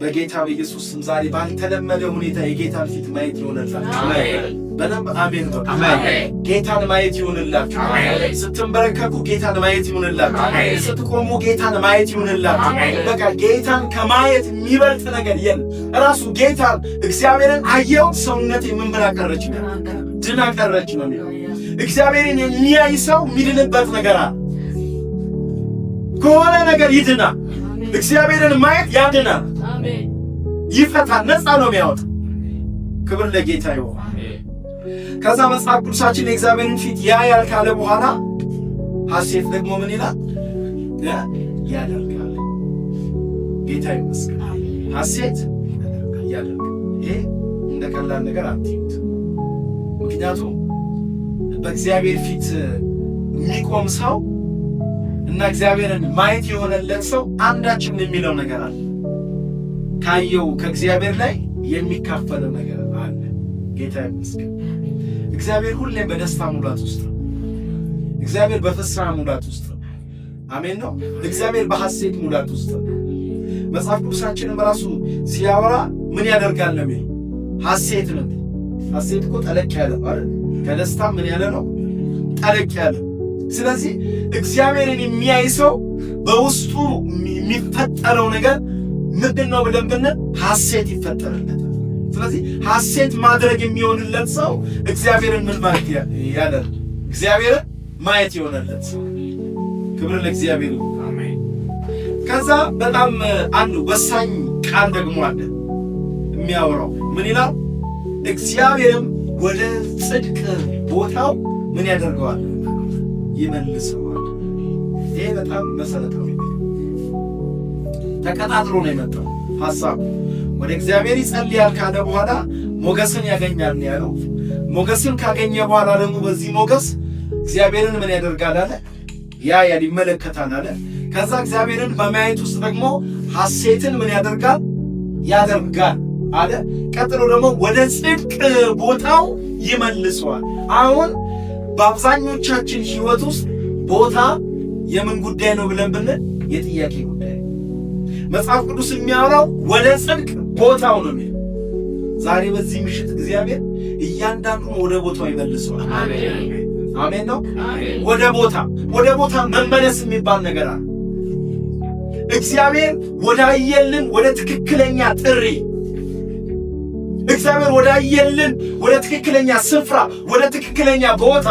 በጌታ በኢየሱስ ስም ዛሬ ባልተለመደ ሁኔታ የጌታን ፊት ማየት ይሆንላችሁ። በደንብ አሜን። ጌታን ማየት ይሆንላችሁ። ስትንበረከኩ ጌታን ማየት ይሆንላችሁ። ስትቆሙ ጌታን ማየት ይሆንላችሁ። በቃ ጌታን ከማየት የሚበልጥ ነገር የለም። ራሱ ጌታን እግዚአብሔርን አየው ሰውነት የምንብር አቀረች ነው ድና ቀረች ነው የሚለው እግዚአብሔርን የሚያይ ሰው የሚድንበት ነገር አለ። ከሆነ ነገር ይድና እግዚአብሔርን ማየት ያድናል። ይፈታል፣ ነፃ ነው የሚያወጣ። ክብር ለጌታ ይሆን። ከዛ መጽሐፍ ቅዱሳችን የእግዚአብሔርን ፊት ያያል ካለ በኋላ ሐሴት ደግሞ ምን ይላል? ያደርጋል። ጌታ ይመስገን። ሐሴት ያደርጋል። ይሄ እንደ ቀላል ነገር አትዩት። ምክንያቱም በእግዚአብሔር ፊት የሚቆም ሰው እና እግዚአብሔርን ማየት የሆነለት ሰው አንዳችም የሚለው ነገር አለ ካየው ከእግዚአብሔር ላይ የሚካፈለው ነገር አለ። ጌታ ይመስገን። እግዚአብሔር ሁሌም በደስታ ሙላት ውስጥ ነው። እግዚአብሔር በፍስሐ ሙላት ውስጥ ነው። አሜን ነው። እግዚአብሔር በሐሴት ሙላት ውስጥ ነው። መጽሐፍ ቅዱሳችንም ራሱ ሲያወራ ምን ያደርጋል ነው የሚለው ሐሴት ነው። ሐሴት እኮ ጠለቅ ያለ አይደል? ከደስታ ምን ያለ ነው ጠለቅ ያለ። ስለዚህ እግዚአብሔርን የሚያይ ሰው በውስጡ የሚፈጠረው ነገር ምንድን ነው ብለን ብንል ሐሴት ይፈጠርለታል። ስለዚህ ሐሴት ማድረግ የሚሆንለት ሰው እግዚአብሔርን ምን ማለት ያለ እግዚአብሔርን ማየት የሆነለት ሰው ክብር ለእግዚአብሔር። ከዛ በጣም አንድ ወሳኝ ቃል ደግሞ አለ የሚያወራው ምን ይላል? እግዚአብሔርም ወደ ጽድቅ ቦታው ምን ያደርገዋል? ይመልሰዋል። ይሄ በጣም መሰረታዊ ተቀጣጥሎ ነው የመጣው ሀሳቡ። ወደ እግዚአብሔር ይጸልያል ካለ በኋላ ሞገስን ያገኛል ነው ያለው። ሞገስን ካገኘ በኋላ ደግሞ በዚህ ሞገስ እግዚአብሔርን ምን ያደርጋል አለ ያ ያል ይመለከታል አለ። ከዛ እግዚአብሔርን በማየት ውስጥ ደግሞ ሐሴትን ምን ያደርጋል ያደርጋል አለ። ቀጥሎ ደግሞ ወደ ጽድቅ ቦታው ይመልሰዋል። አሁን በአብዛኞቻችን ህይወት ውስጥ ቦታ የምን ጉዳይ ነው ብለን ብንል የጥያቄ መጽሐፍ ቅዱስ የሚያወራው ወደ ጽድቅ ቦታው ነው የሚለው። ዛሬ በዚህ ምሽት እግዚአብሔር እያንዳንዱን ወደ ቦታው ይመልሰዋል። አሜን ነው። ወደ ቦታ ወደ ቦታ መመለስ የሚባል ነገር አለ። እግዚአብሔር ወዳየልን ወደ ትክክለኛ ጥሪ እግዚአብሔር ወዳየልን ወደ ትክክለኛ ስፍራ ወደ ትክክለኛ ቦታ።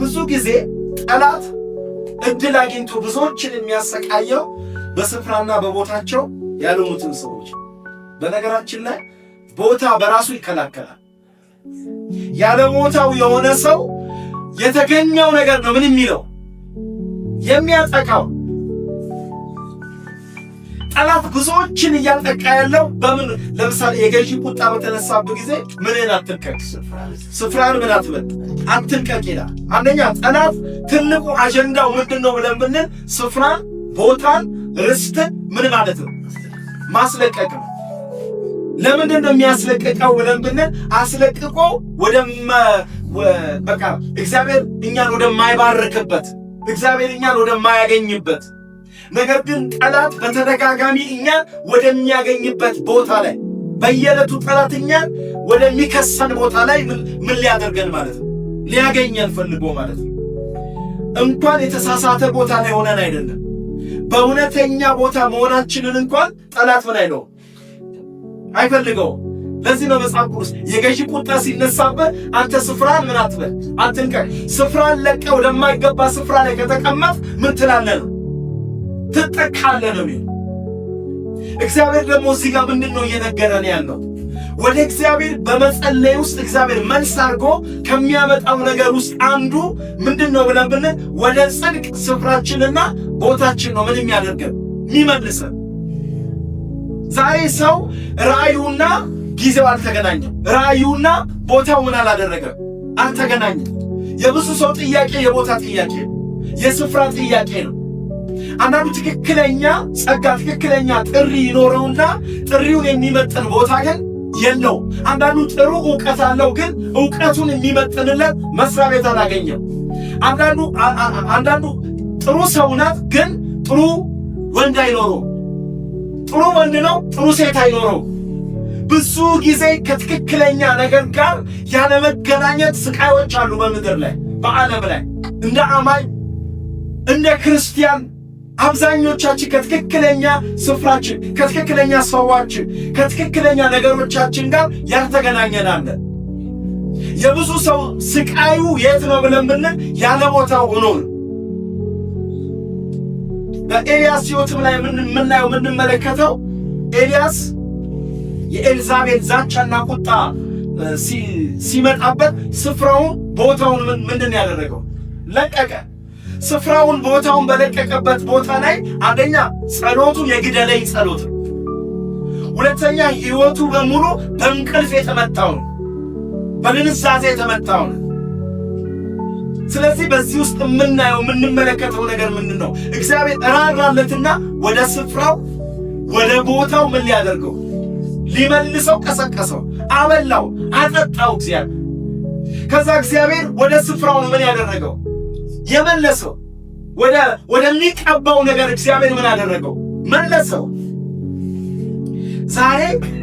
ብዙ ጊዜ ጠላት እድል አግኝቶ ብዙዎችን የሚያሰቃየው በስፍራና በቦታቸው ያልሆኑትን ሰዎች። በነገራችን ላይ ቦታ በራሱ ይከላከላል። ያለ ቦታው የሆነ ሰው የተገኘው ነገር ነው ምን የሚለው የሚያጠቃው። ጠላት ብዙዎችን እያጠቃ ያለው በምን? ለምሳሌ የገዢ ቁጣ በተነሳበት ጊዜ ምንን አትልቀቅ፣ ስፍራን ምን አትበል፣ አትልቀቅ ይላል። አንደኛ ጠላት ትልቁ አጀንዳው ምንድን ነው ብለን ብንል ስፍራን ቦታን ርስት ምን ማለት ነው? ማስለቀቅ ነው። ለምንድን ነው የሚያስለቅቀው ብለን ብንል አስለቅቆ ወደ በቃ እግዚአብሔር እኛን ወደማይባርክበት እግዚአብሔር እኛን ወደማያገኝበት ነገር ግን ጠላት በተደጋጋሚ እኛን ወደሚያገኝበት ቦታ ላይ በየዕለቱ ጠላት እኛን ወደሚከሰን ቦታ ላይ ምን ሊያደርገን ማለት ነው? ሊያገኘን ፈልጎ ማለት ነው። እንኳን የተሳሳተ ቦታ ላይ ሆነን አይደለም በእውነተኛ ቦታ መሆናችንን እንኳን ጠላት ምን አይለው አይፈልገው። ለዚህ ነው መጽሐፍ ቅዱስ የገዢ ቁጣ ሲነሳበት አንተ ስፍራን ምን አትበል አትንቀል። ስፍራን ለቀህ ወደማይገባ ስፍራ ላይ ከተቀመጥ ምን ትላለህ? ትጠቃለህ ነው። እግዚአብሔር ደግሞ እዚህ ጋር ምንድን ነው እየነገረን ያለው? ወደ እግዚአብሔር በመጸለይ ውስጥ እግዚአብሔር መልስ አድርጎ ከሚያመጣው ነገር ውስጥ አንዱ ምንድን ነው ብለን ብንል ወደ ጽድቅ ስፍራችንና ቦታችን ነው። ምን የሚያደርገን የሚመልሰን። ዛሬ ሰው ራእዩና ጊዜው አልተገናኘም። ራእዩና ቦታው ምን አላደረገም፣ አልተገናኘም። የብዙ ሰው ጥያቄ የቦታ ጥያቄ፣ የስፍራ ጥያቄ ነው። አንዳንዱ ትክክለኛ ጸጋ፣ ትክክለኛ ጥሪ ይኖረውና ጥሪውን የሚመጥን ቦታ ግን የለውም። አንዳንዱ ጥሩ እውቀት አለው፣ ግን እውቀቱን የሚመጥንለት መስሪያ ቤት አላገኘም። አንዳንዱ አንዳንዱ ጥሩ ሰው ናት፣ ግን ጥሩ ወንድ አይኖረው። ጥሩ ወንድ ነው፣ ጥሩ ሴት አይኖረው። ብዙ ጊዜ ከትክክለኛ ነገር ጋር ያለመገናኘት ስቃዮች አሉ በምድር ላይ በዓለም ላይ እንደ አማኝ እንደ ክርስቲያን አብዛኞቻችን ከትክክለኛ ስፍራችን ከትክክለኛ ሰዋችን ከትክክለኛ ነገሮቻችን ጋር ያልተገናኘናለ የብዙ ሰው ስቃዩ የት ነው ብለን ብንል ያለ ቦታው ሆኖ ነው። በኤልያስ ሕይወትም ላይ የምናየው የምንመለከተው ኤልያስ የኤልዛቤል ዛቻና ቁጣ ሲመጣበት ስፍራውን ቦታውን ምንድን ያደረገው ለቀቀ። ስፍራውን ቦታውን በለቀቀበት ቦታ ላይ አንደኛ ጸሎቱ የግደለኝ ጸሎት ነው። ሁለተኛ ህይወቱ በሙሉ በእንቅልፍ የተመታው ነው፣ በድንዛዜ የተመታው ነው። ስለዚህ በዚህ ውስጥ የምናየው የምንመለከተው ነገር ምንድን ነው? እግዚአብሔር ራራለትና ወደ ስፍራው ወደ ቦታው ምን ሊያደርገው ሊመልሰው ቀሰቀሰው፣ አበላው፣ አጠጣው እግዚአብሔር። ከዛ እግዚአብሔር ወደ ስፍራው ምን ያደረገው የመለሰው ወደሚቀባው ነገር እግዚአብሔር ምን አደረገው? መለሰው። ዛሬ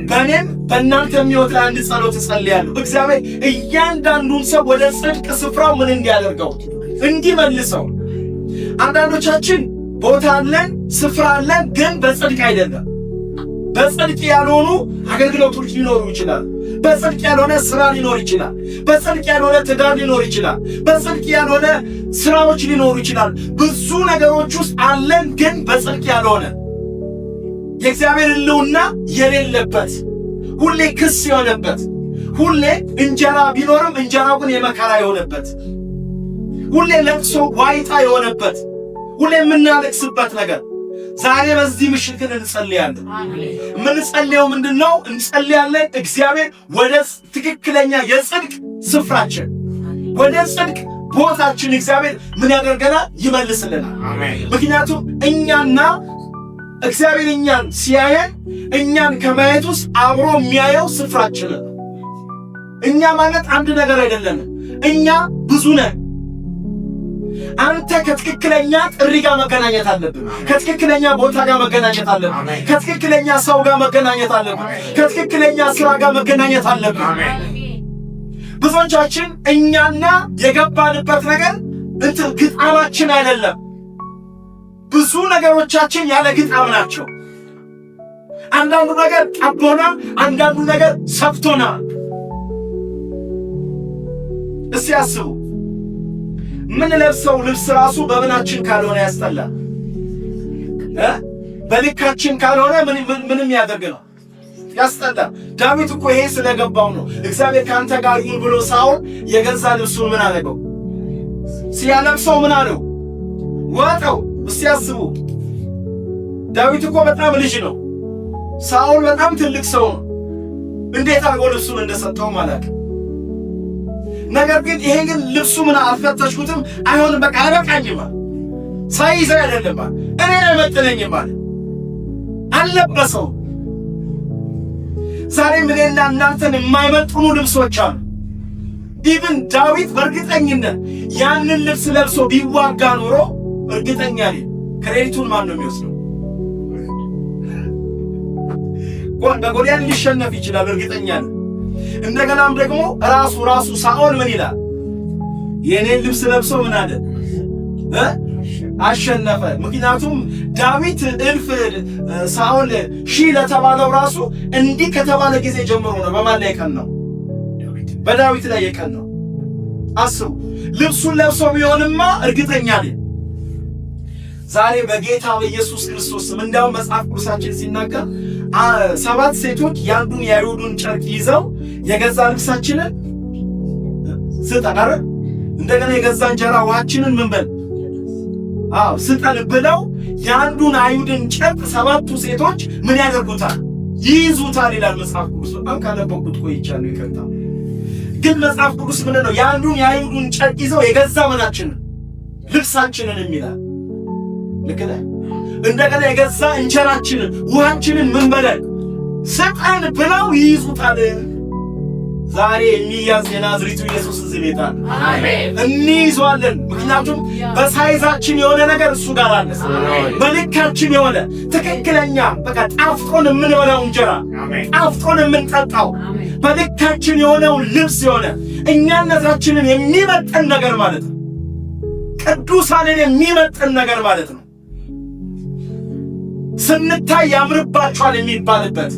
በእኔም በእናንተ የሚወት አንድ ጸሎት እጸልያለሁ። እግዚአብሔር እያንዳንዱን ሰው ወደ ጽድቅ ስፍራው ምን እንዲያደርገው እንዲመልሰው። አንዳንዶቻችን ቦታ አለን፣ ስፍራ አለን፣ ግን በጽድቅ አይደለም። በጽድቅ ያልሆኑ አገልግሎቶች ሊኖሩ ይችላል። በጽድቅ ያልሆነ ስራ ሊኖር ይችላል። በጽድቅ ያልሆነ ትዳር ሊኖር ይችላል። በጽድቅ ያልሆነ ስራዎች ሊኖሩ ይችላል። ብዙ ነገሮች ውስጥ አለን፣ ግን በጽድቅ ያልሆነ የእግዚአብሔር ሕልውና የሌለበት ሁሌ ክስ የሆነበት ሁሌ እንጀራ ቢኖርም እንጀራው ግን የመከራ የሆነበት ሁሌ ለቅሶ ዋይታ የሆነበት ሁሌ የምናለቅስበት ነገር ዛሬ በዚህ ምሽት ግን እንጸልያለን። የምንጸልየው ምንድን ነው? እንጸልያለን እግዚአብሔር ወደ ትክክለኛ የጽድቅ ስፍራችን ወደ ጽድቅ ቦታችን እግዚአብሔር ምን ያደርገናል? ይመልስልናል። ምክንያቱም እኛና እግዚአብሔር እኛን ሲያየን እኛን ከማየት ውስጥ አብሮ የሚያየው ነው። እኛ ማለት አንድ ነገር አይደለንም። እኛ ብዙ ነን። አንተ ከትክክለኛ ጥሪ ጋር መገናኘት አለብን። ከትክክለኛ ቦታ ጋር መገናኘት አለብን። ከትክክለኛ ሰው ጋር መገናኘት አለብን። ከትክክለኛ ስራ ጋር መገናኘት አለብን። ብዙዎቻችን እኛና የገባንበት ነገር እንትን ግጣማችን አይደለም። ብዙ ነገሮቻችን ያለ ግጣም ናቸው። አንዳንዱ ነገር ጠቦና፣ አንዳንዱ ነገር ሰፍቶና። እስቲ አስቡ የምንለብሰው ልብስ ራሱ በምናችን ካልሆነ ያስጠላ በልካችን ካልሆነ ምንም ያደርግ ነው ያስጠላ። ዳዊት እኮ ይሄ ስለገባው ነው እግዚአብሔር ከአንተ ጋር ይሁን ብሎ ሳውል የገዛ ልብሱን ምን አደረገው? ሲያለብሰው ምን አለው? ዋጠው። እስቲ አስቡ። ዳዊት እኮ በጣም ልጅ ነው። ሳውል በጣም ትልቅ ሰው ነው። እንዴት አድርጎ ልብሱን እንደሰጠው ማለት ነገር ግን ይሄ ግን ልብሱ ምን አልፈተሽኩትም፣ አይሆንም፣ በቃ አይበቃኝም፣ ሳይዘው አይደለም እኔን አይመጥነኝም አለ። አልለበሰው። ዛሬም እኔና እናንተን የማይመጥኑ ልብሶች አሉ። ኢቭን ዳዊት በእርግጠኝነት ያንን ልብስ ለብሶ ቢዋጋ ኖሮ እርግጠኛ ነኝ ክሬዲቱን ማን ነው የሚወስደው? በጎልያድ ሊሸነፍ ይችላል፣ እርግጠኛ ነኝ። እንደገናም ደግሞ ራሱ ራሱ ሳኦል ምን ይላል? የእኔን ልብስ ለብሶ ምን አለ አሸነፈ። ምክንያቱም ዳዊት እልፍ ሳኦል ሺህ ለተባለው ራሱ እንዲህ ከተባለ ጊዜ ጀምሮ ነው። በማን ላይ ቀን ነው? በዳዊት ላይ የቀን ነው። አስቡ። ልብሱን ለብሶ ቢሆንማ እርግጠኛ ነኝ ዛሬ በጌታ በኢየሱስ ክርስቶስ ስም እንዳውም መጽሐፍ ቅዱሳችን ሲናገር ሰባት ሴቶች የአንዱን የአይሁዱን ጨርቅ ይዘው የገዛ ልብሳችንን ስጠን፣ አረ እንደገና የገዛ እንጀራ ውሃችንን ምን በል አዎ ስጠን ብለው የአንዱን አይሁድን ጨርቅ ሰባቱ ሴቶች ምን ያደርጉታል? ይይዙታል ይላል መጽሐፍ ቅዱስ። በጣም ካነበብኩት ቆይቻለሁ፣ ይቅርታ። ግን መጽሐፍ ቅዱስ ምን ነው የአንዱን የአይሁዱን ጨርቅ ይዘው የገዛ ምናችንን ልብሳችንን የሚላል ልክ ነህ እንደገና የገዛ እንጀራችንን ውሃችንን ምን በለን ስጠን ብለው ይይዙታል። ዛሬ የሚያዝ የናዝሪቱ ኢየሱስ እዚህ ቤት አለ። እንይዟለን። ምክንያቱም በሳይዛችን የሆነ ነገር እሱ ጋር አለ። በልካችን የሆነ ትክክለኛ በቃ ጣፍጦን የምንበላው እንጀራ፣ ጣፍጦን የምንጠጣው በልካችን የሆነው ልብስ የሆነ እኛነታችንን የሚመጥን ነገር ማለት ነው። ቅዱሳንን የሚመጥን ነገር ማለት ነው። ስንታይ ያምርባቸዋል የሚባልበት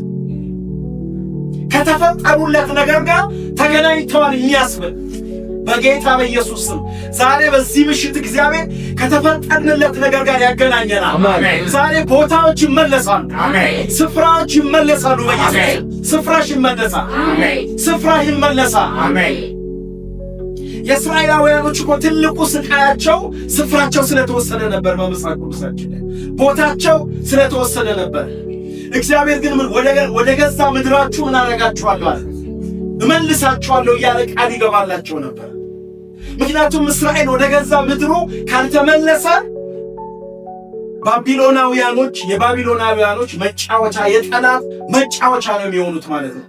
ከተፈጠሩለት ነገር ጋር ተገናኝተዋል የሚያስብል በጌታ በኢየሱስ ስም ዛሬ በዚህ ምሽት እግዚአብሔር ከተፈጠርንለት ነገር ጋር ያገናኘናል። ዛሬ ቦታዎች ይመለሳሉ፣ ስፍራዎች ይመለሳሉ። በኢየሱስ ስፍራሽ ይመለሳል፣ ስፍራ ይመለሳል። የእስራኤላውያኖች እኮ ትልቁ ስቃያቸው ስፍራቸው ስለተወሰነ ነበር፣ በመጽሐፍ ቅዱሳችን ቦታቸው ስለተወሰነ ነበር። እግዚአብሔር ግን ምን ወደ ገዛ ምድራችሁ ምን አደርጋችኋለሁ አለ፣ እመልሳችኋለሁ እያለ ቃል ይገባላቸው ነበር። ምክንያቱም እስራኤል ወደ ገዛ ምድሩ ካልተመለሰ ባቢሎናውያኖች የባቢሎናውያኖች መጫወቻ የጠላት መጫወቻ ነው የሚሆኑት ማለት ነው።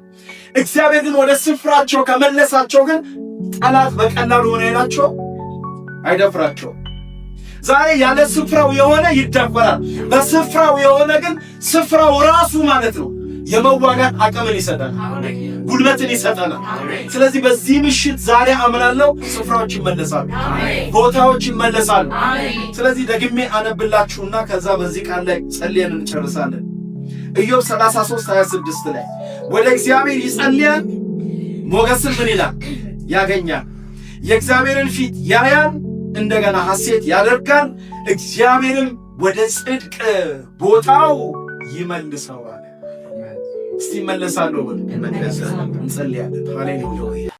እግዚአብሔር ግን ወደ ስፍራቸው ከመለሳቸው ግን ጠላት በቀላሉ ሆነ ይላቸው አይደፍራቸው። ዛሬ ያለ ስፍራው የሆነ ይደፈራል። በስፍራው የሆነ ግን ስፍራው ራሱ ማለት ነው የመዋጋት አቅምን ይሰጠናል፣ ጉልበትን ይሰጠናል። ስለዚህ በዚህ ምሽት ዛሬ አምናለሁ ስፍራዎች ይመለሳሉ፣ ቦታዎች ይመለሳሉ። ስለዚህ ደግሜ አነብላችሁና ከዛ በዚህ ቃል ላይ ጸልየን እንጨርሳለን። ኢዮብ 33 26 ላይ ወደ እግዚአብሔር ይጸልያል ሞገስም ምን ይላል ያገኛል። የእግዚአብሔርን ፊት ያያን፣ እንደገና ሐሴት ያደርጋል። እግዚአብሔርም ወደ ጽድቅ ቦታው ይመልሰዋል። እስቲ መለሳለሁ፣ እንጸልያለን። ሃሌሉያ